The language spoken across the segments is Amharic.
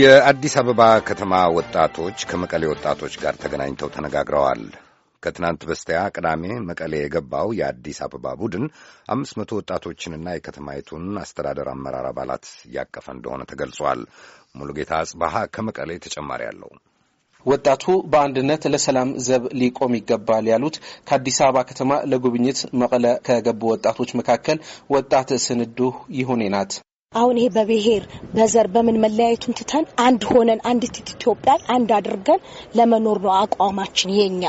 የአዲስ አበባ ከተማ ወጣቶች ከመቀሌ ወጣቶች ጋር ተገናኝተው ተነጋግረዋል። ከትናንት በስቲያ ቅዳሜ መቀሌ የገባው የአዲስ አበባ ቡድን አምስት መቶ ወጣቶችንና የከተማይቱን አስተዳደር አመራር አባላት እያቀፈ እንደሆነ ተገልጿል። ሙሉጌታ አጽባሃ ከመቀሌ ተጨማሪ አለው። ወጣቱ በአንድነት ለሰላም ዘብ ሊቆም ይገባል ያሉት ከአዲስ አበባ ከተማ ለጉብኝት መቀለ ከገቡ ወጣቶች መካከል ወጣት ስንዱ ይሁኔ ናት። አሁን ይሄ በብሔር በዘር በምን መለያየቱን ትተን አንድ ሆነን አንዲት ኢትዮጵያ አንድ አድርገን ለመኖር ነው አቋማችን የኛ።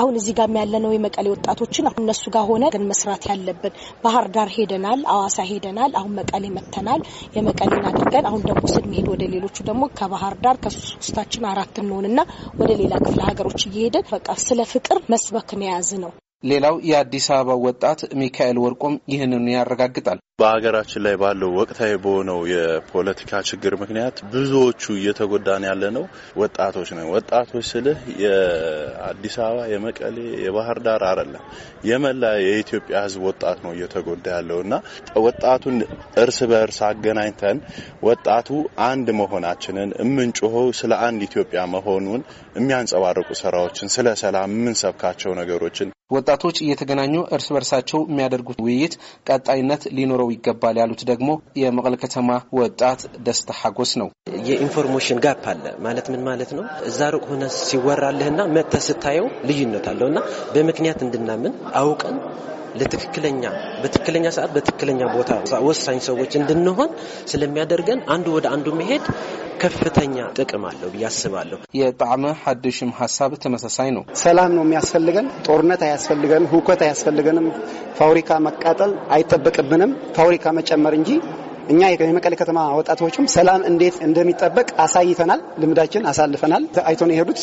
አሁን እዚህ ጋር ያለነው የመቀሌ ወጣቶችን እነሱ ጋር ሆነ ግን መስራት ያለብን። ባህር ዳር ሄደናል፣ አዋሳ ሄደናል፣ አሁን መቀሌ መተናል። የመቀሌን አድርገን አሁን ደግሞ ስንሄድ ወደ ሌሎቹ ደግሞ ከባህር ዳር ከሶስታችን አራት እንሆንና ወደ ሌላ ክፍለ ሀገሮች እየሄደን በቃ ስለ ፍቅር መስበክን የያዝ ነው። ሌላው የአዲስ አበባ ወጣት ሚካኤል ወርቆም ይህንኑ ያረጋግጣል። በሀገራችን ላይ ባለው ወቅታዊ በሆነው የፖለቲካ ችግር ምክንያት ብዙዎቹ እየተጎዳን ያለ ነው ወጣቶች ነው። ወጣቶች ስልህ የአዲስ አበባ፣ የመቀሌ፣ የባህር ዳር አይደለም የመላ የኢትዮጵያ ሕዝብ ወጣት ነው እየተጎዳ ያለው እና ወጣቱን እርስ በእርስ አገናኝተን ወጣቱ አንድ መሆናችንን የምንጮኸው ስለ አንድ ኢትዮጵያ መሆኑን የሚያንጸባርቁ ስራዎችን ስለ ሰላም የምንሰብካቸው ነገሮችን ወጣቶች እየተገናኙ እርስ በርሳቸው የሚያደርጉት ውይይት ቀጣይነት ሊኖረው ይገባል ያሉት ደግሞ የመቀለ ከተማ ወጣት ደስታ ሀጎስ ነው። የኢንፎርሜሽን ጋፕ አለ ማለት ምን ማለት ነው? እዛ ሩቅ ሆነ ሲወራልህና መተ ስታየው ልዩነት አለው እና በምክንያት እንድናምን አውቀን ለትክክለኛ በትክክለኛ ሰዓት በትክክለኛ ቦታ ወሳኝ ሰዎች እንድንሆን ስለሚያደርገን አንዱ ወደ አንዱ መሄድ ከፍተኛ ጥቅም አለው ብዬ አስባለሁ። የጣዕመ ሀድሽም ሀሳብ ተመሳሳይ ነው። ሰላም ነው የሚያስፈልገን፣ ጦርነት አያስፈልገንም፣ ሁከት አያስፈልገንም። ፋብሪካ መቃጠል አይጠበቅብንም፣ ፋብሪካ መጨመር እንጂ እኛ የመቀሌ ከተማ ወጣቶችም ሰላም እንዴት እንደሚጠበቅ አሳይተናል። ልምዳችን አሳልፈናል። ነው የሄዱት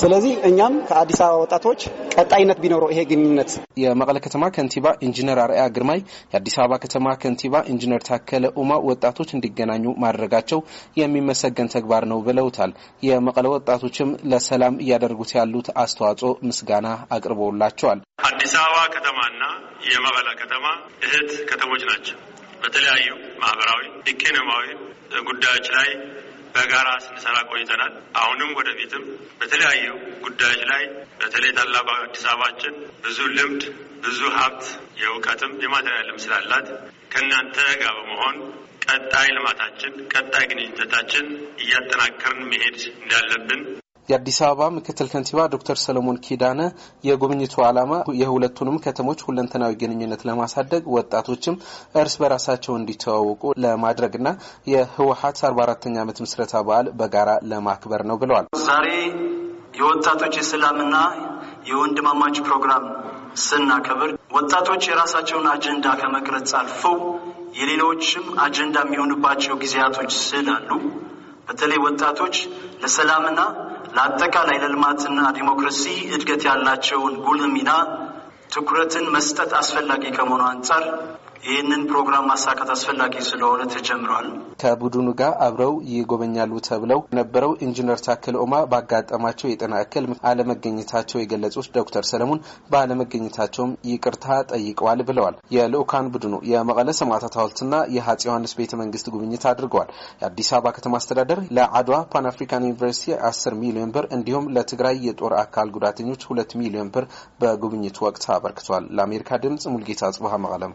ስለዚህ እኛም ከአዲስ አበባ ወጣቶች ቀጣይነት ቢኖረው ይሄ ግንኙነት። የመቀለ ከተማ ከንቲባ ኢንጂነር አርአያ ግርማይ፣ የአዲስ አበባ ከተማ ከንቲባ ኢንጂነር ታከለ ኡማ ወጣቶች እንዲገናኙ ማድረጋቸው የሚመሰገን ተግባር ነው ብለውታል። የመቀለ ወጣቶችም ለሰላም እያደረጉት ያሉት አስተዋጽኦ ምስጋና አቅርበውላቸዋል። አዲስ አበባ ከተማና የመቀለ ከተማ እህት ከተሞች ናቸው። በተለያዩ ማህበራዊ፣ ኢኮኖሚያዊ ጉዳዮች ላይ በጋራ ስንሰራ ቆይተናል። አሁንም ወደፊትም በተለያዩ ጉዳዮች ላይ በተለይ ታላቋ አዲስ አበባችን ብዙ ልምድ፣ ብዙ ሀብት፣ የእውቀትም የማቴሪያልም ስላላት ከእናንተ ጋር በመሆን ቀጣይ ልማታችን፣ ቀጣይ ግንኙነታችን እያጠናከርን መሄድ እንዳለብን የአዲስ አበባ ምክትል ከንቲባ ዶክተር ሰለሞን ኪዳነ የጉብኝቱ ዓላማ የሁለቱንም ከተሞች ሁለንተናዊ ግንኙነት ለማሳደግ ወጣቶችም እርስ በራሳቸው እንዲተዋወቁ ለማድረግና የህወሀት አርባ አራተኛ ዓመት ምስረታ በዓል በጋራ ለማክበር ነው ብለዋል። ዛሬ የወጣቶች የሰላምና የወንድማማች ፕሮግራም ስናከብር ወጣቶች የራሳቸውን አጀንዳ ከመቅረጽ አልፈው የሌሎችም አጀንዳ የሚሆንባቸው ጊዜያቶች ስላሉ በተለይ ወጣቶች ለሰላምና ለአጠቃላይ ለልማትና ዲሞክራሲ እድገት ያላቸውን ጉልህ ሚና ትኩረትን መስጠት አስፈላጊ ከመሆኑ አንጻር ይህንን ፕሮግራም ማሳካት አስፈላጊ ስለሆነ ተጀምሯል። ከቡድኑ ጋር አብረው ይጎበኛሉ ተብለው የነበረው ኢንጂነር ታክል ኦማ ባጋጠማቸው የጤና እክል አለመገኘታቸው የገለጹት ዶክተር ሰለሞን ባለመገኘታቸውም ይቅርታ ጠይቀዋል ብለዋል። የልኡካን ቡድኑ የመቀለ ሰማዕታት ሐውልትና የአፄ ዮሐንስ ቤተ መንግስት ጉብኝት አድርገዋል። የአዲስ አበባ ከተማ አስተዳደር ለአድዋ ፓን አፍሪካን ዩኒቨርሲቲ አስር ሚሊዮን ብር እንዲሁም ለትግራይ የጦር አካል ጉዳተኞች ሁለት ሚሊዮን ብር በጉብኝቱ ወቅት አበርክቷል። ለአሜሪካ ድምጽ ሙልጌታ ጽቡሀ መቀለም